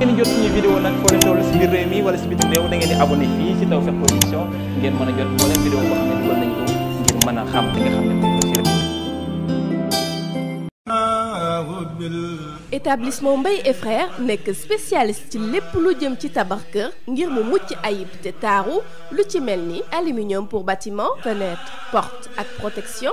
ngeen jot suñu vidéo nag foo leen toll réew mi wala si biir réew da ngeen di abonné fii si Tawfekh Production ngeen mën a jot moo leen vidéo boo xam ne dugal ngir mën a xam li nga xam ne lépp lu jëm ci tabax kër ngir mu mucc ayib te taaru lu ci mel ni aluminium pour bâtiment fenêtre porte ak protection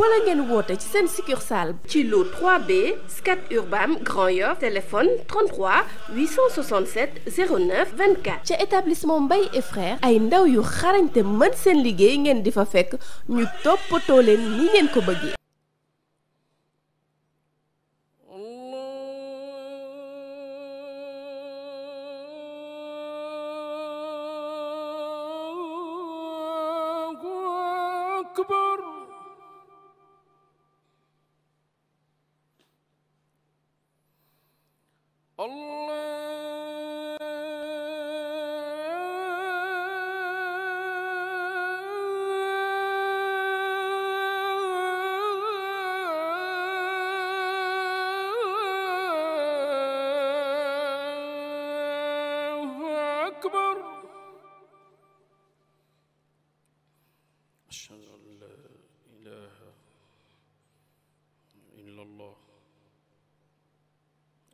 wala ngeen woote ci seen succursale ci lu 3B Scat Urbam Grand Yoff téléphone 33 867 09 24 ca établissement Mbaye et frères ay ndaw yu xarañ te mën seen liggéey ngeen di fa fekk ñu toppatoo leen ngeen ko bëggee Akbar Allah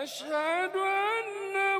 أشهد أن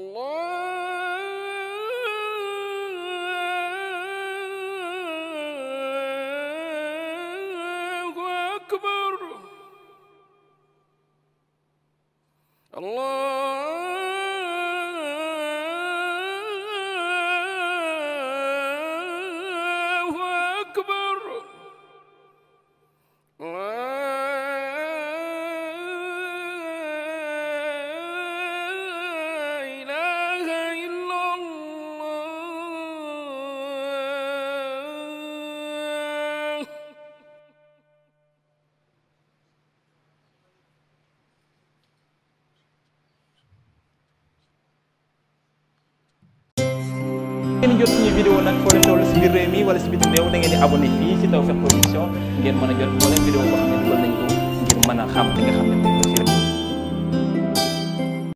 الله أكبر الله ngeen jot suñu vidéo nag foo leen mi wala si biti réew di abonné fii si Tawfekh Production ngeen mën a jot moo leen vidéo boo xam ne dugal nañ ko ngir mën a xam